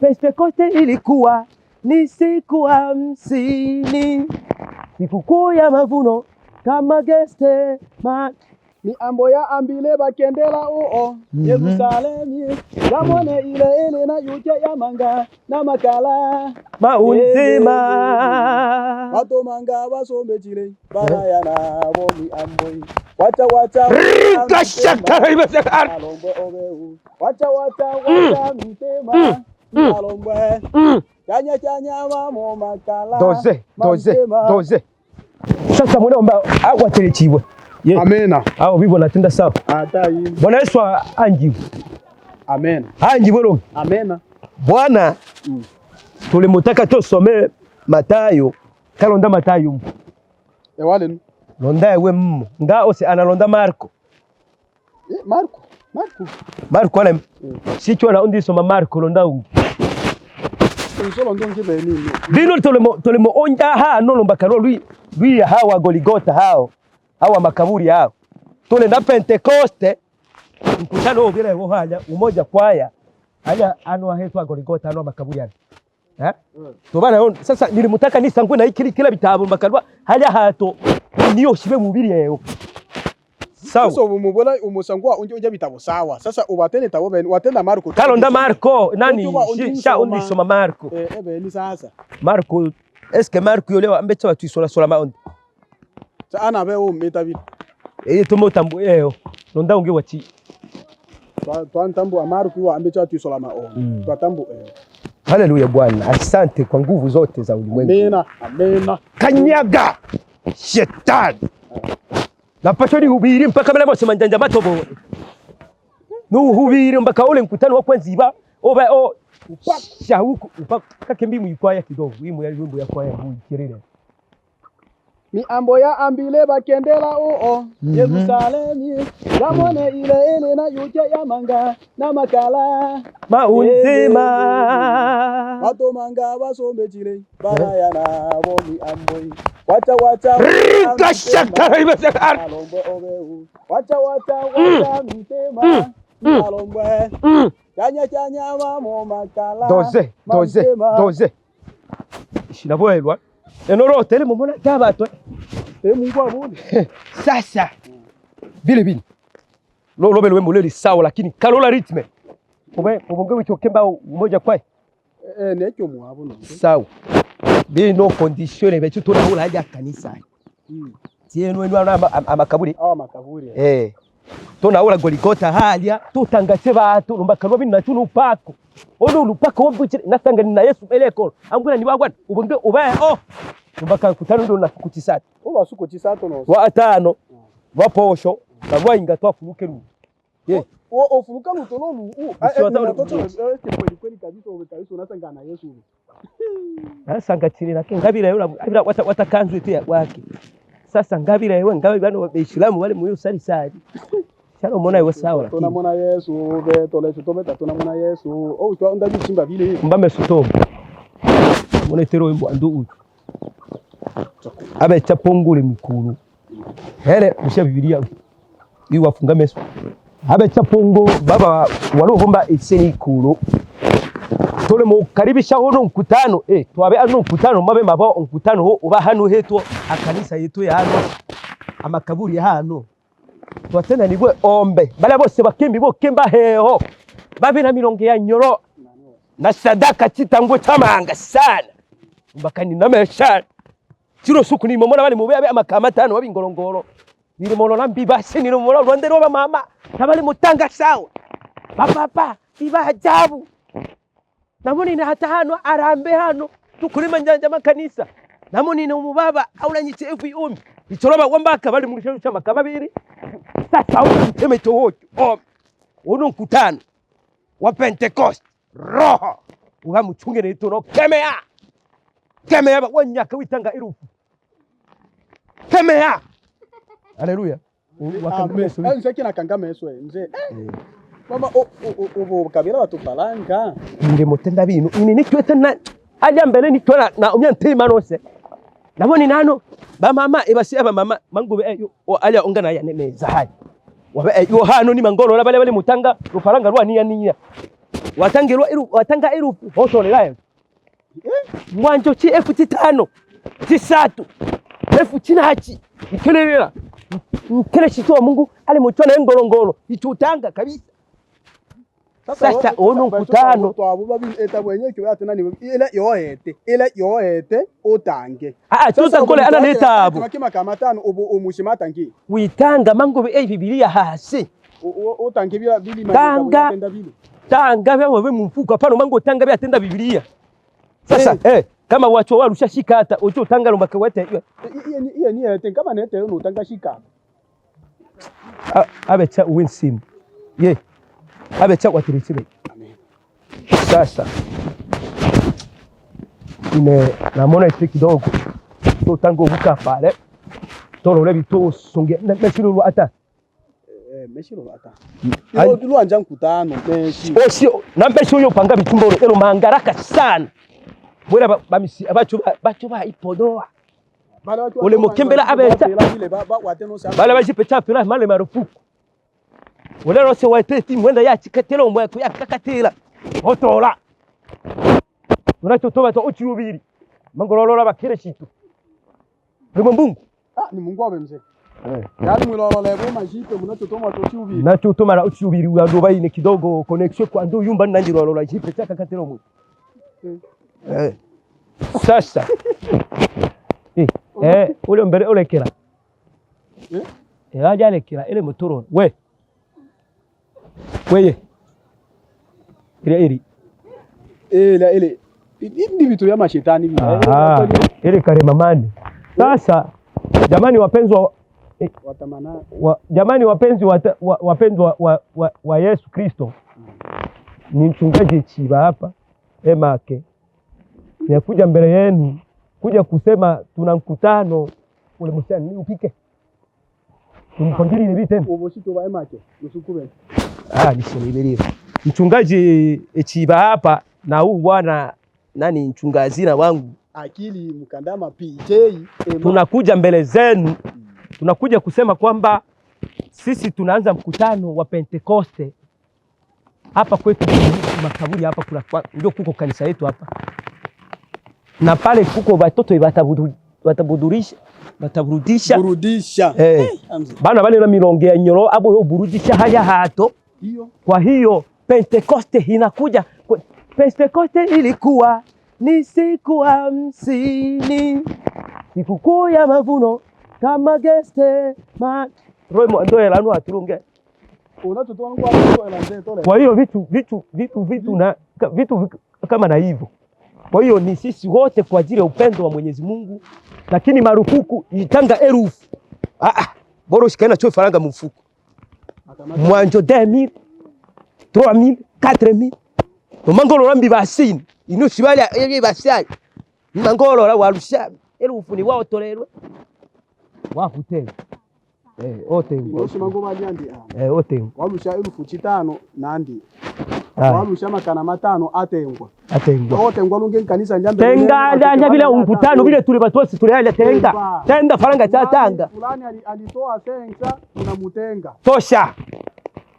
Pentekoste ilikuwa ni siku hamsini, sikukuu ya mavuno kama geste ma miambo ya ambile bakendela uo mhm. Yerusalemu yamone ile ile na yuche ya manga na makala maunzima watu manga basomejile baraya nabo miambo wacha wacha rika shakara ibasakara wacha wacha mm. wacha mtema mm. Mm. Mm. doze doze doze sasa munaomba yeah. amena sawa bwana Yesu anjiwe amena anjiwe amena bwana mm. tulimutaka tosome Matayo kalonda Matayo mu londa ewe mmo nga ose analonda Marko eh, Marko Marco ala sicho ala undi soma Marco londaungi lino tolemo tolemo onda ha no lomba karo lui lui hawa Goligota hao hawa makaburi hao tole na Pentecoste mkutano wao bila haya umoja kwaya haya ano ahetu Goligota ano makaburi hao eh mm. tobana on sasa nilimutaka nisangwe na ikili kila bitabu mbakalwa haya hato niyo shibe mubiri yao sawa so umubona umusangwa unje unje bitabo sawa sasa ubatene tabo ben watenda Marko nda Marko nani sha undi soma Marko eh ebe eh, ni sasa Marko eske Marko yolewa ambeto watu sola sola ma sa ana be o meta bit eh tomo tambu eyo eh, oh. Nonda unge wachi twa a Marko wa ambeto watu sola ma undi mm. twa tambu eh. Haleluya Bwana, asante kwa nguvu zote za ulimwengu. Amina, amina. Kanyaga shetani. Napasha nihubiri mpaka bila bose manjanja matobo. Nuhubiri mpaka ule mkutano wa kwanza iba. Oba o upaka huko upaka kimbi muikwaya kidogo. Wimbo ya wimbo ya kwaya muikirire. Miambo ya ambile bakendela uo mhm. Yerusalemu yamone ile ene na yuje ya manga na makala maunzima bato manga basomekile barayana bomi amboi wacha wacha rika shakara ibasakar alombo wacha wacha wacha mtema mm. mm. mm. chanya chanya mamo makala doze doze doze shinaboelwa eno rotele mumona tabato e mungu abone sasa bili bili lobelwe muleli sawa lakini kalola ritme kumbe kumongewe chokemba umoja kwae Eh, sawa bino condition ebekyo turahura hajya kanisa hmm. tienu enu amakaburi amakaburi ah, eh tonahura goligota halya tutangatse batu bino ono na Yesu ni oh! kutano ndo uba no wa atano hmm. ingatwa yeah. Ofuruka lutonolu kweli kabisa umekalisa unasanga na Yesu nasanga chile wake sasa ngabira yewe ngabe bano beishilamu wale muyo sali sali Shalom mona yewe sawa tunamwona Yesu be tolecho tometa tunamwona Yesu oh twa ndaji chimba vile mbame sutomo mona itero wimbo andu uyu abe chapongule mikuru hele usha Biblia iwafunga meso abechapungu baba waruhumba isini kuru tole mu karibisha ho no mkutano eh twabe ano mkutano mabe maba mkutano ho uba hano heto akanisa yetu ya hano amakaburi ya hano twatena nigwe ombe bale bose bakimbi bo kimba heho babe na milonge ya nyoro na sadaka chitango chamanga sana mbakani nameshana chiro suku ni momona bali mubebe amakamata hano babingorongoro nilomonola mbibase nilomolola lwande lwa mama nabali mutanga sawa bapapa bibajabu namunine hata hano arambe hano tukulima njanja makanisa namunine umubaba efu evi umi ichoroba wambaka bali mulisheru chama biri sasa una mteme towocho om uno mkutano wa pentecost roho uhamuchungene itono kemea kemea wanyaka witanga irufu kemea Haleluya. Mure mutenda ini nichwete na aja mbele na umya ntima nose naboni nano ebasi aja eh, ya wabe eh, hano ni bale bale mutanga rufaranga rwa niya niya watangirwa iru watanga iru eh. mwanjo chi tisatu chinachi mkeleshitoa Mungu ali muchona engolongolo ichutanga kabisa. Sasa ono mkutano ile yohete ile yohete utange tuzakole ana netabu witanga mango ei bibilia hasi tanga vyawe mumfuko apano mango tanga vyatenda bibilia sasa eh kama wacho waru shashika hata ucho utanga lomba kwete iyo iyo ni yete kama nete no tanga shika abe cha winsim ye abe cha watirichibe sasa ine na namona ite kidogo to tango buka pale toro lebi to songe eh, mm, na meshiro ata meshiro ata ndio ndio anja mkutano mpeshi osio na mpeshi huyo panga bitumbo ero mangaraka sana bwera bacu ipodoa ole mukembera abeta bala bajipecapela male marufuku ole rose wateti mwenda yachikatela omweko yakakatela otola unachotobata ochirubiri mangololola bakire chitu rimwe mbungu ah, ni mungu awe mzee eh. Yaani mwilolole boma jipe mnachotoma tochubiri. Nachotoma na uchubiri wa Dubai ni kidogo connection kwa ndio yumba nanje lolola jipe chaka mwe. Eh. Eh, sasa eh, eh, ule mbere ulekera eh? erajalekera ele mutoro we weye ira iri ila ile hivi vitu vya mashetani hivi ile karema mani sasa jamani wapenzi wa eh, wa, jamani wapenzi wa, wapenzi wa, wa, wa, wa Yesu Kristo ni mchungaji chiva hapa emake ninakuja mbele yenu kuja kusema tuna mkutano ule ni upike tumpangili ile nishukuru ah nishimirira mchungaji echiba eh, hapa na huu bwana nani mchungazina wangu akili mkandama PJ eh, tunakuja mbele zenu tunakuja kusema kwamba sisi tunaanza mkutano wa Pentekoste hapa kwetu makaburi hapa, kuna ndio kuko kanisa yetu hapa na pale kuko watoto watabudurisha bataburudisha burudisha eh, eh bana bale na milonge ya nyoro abo yo burudisha haya hato hiyo. Kwa hiyo Pentekoste inakuja. Pentekoste ilikuwa ni siku hamsini, sikukuu ya mavuno kama geste ma roho ndio elanu aturunge kwa hiyo vitu vitu vitu vitu na vitu kama na hivyo kwa hiyo ni sisi wote kwa ajili ya upendo wa Mwenyezi Mungu, lakini marufuku itanga elfu ah, ah, bora ushikane nacho faranga mfuko mwanjo 2000 3000 4000 mangolora mbibasini inusi bali ebibasai mangolora warusha elfu ni wao torerwe wakutewe wote eh, osimangoma nyandi wote ah. eh, wamusha elfu chitano nandi ah. wamusha makana matano atengwa atengwa otengwa lunge nkanisa njambe tenga janja bila mkutano vile tuli watu wote tuliaja tenga tenga faranga cha tanga fulani alitoa sensa tunamutenga tosha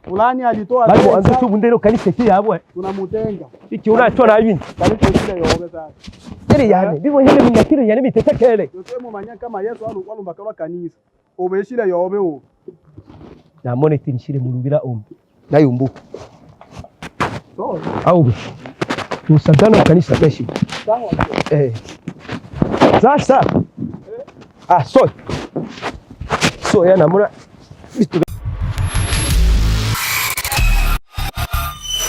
fulani alitoa basi anza tu bundero kanisa hii hapo eh. tunamutenga iki unacho na yini kanisa ile yoga sasa ile yani bibo hele mnyakiro yani miteteke ile yote kama Yesu alikuwa lumbakala kanisa umeshira yobe na mone tinshire mulubira ombi nayumbuka so, aube usadana kanisa keshi eh. sasa eh. ah so so yanamona vitu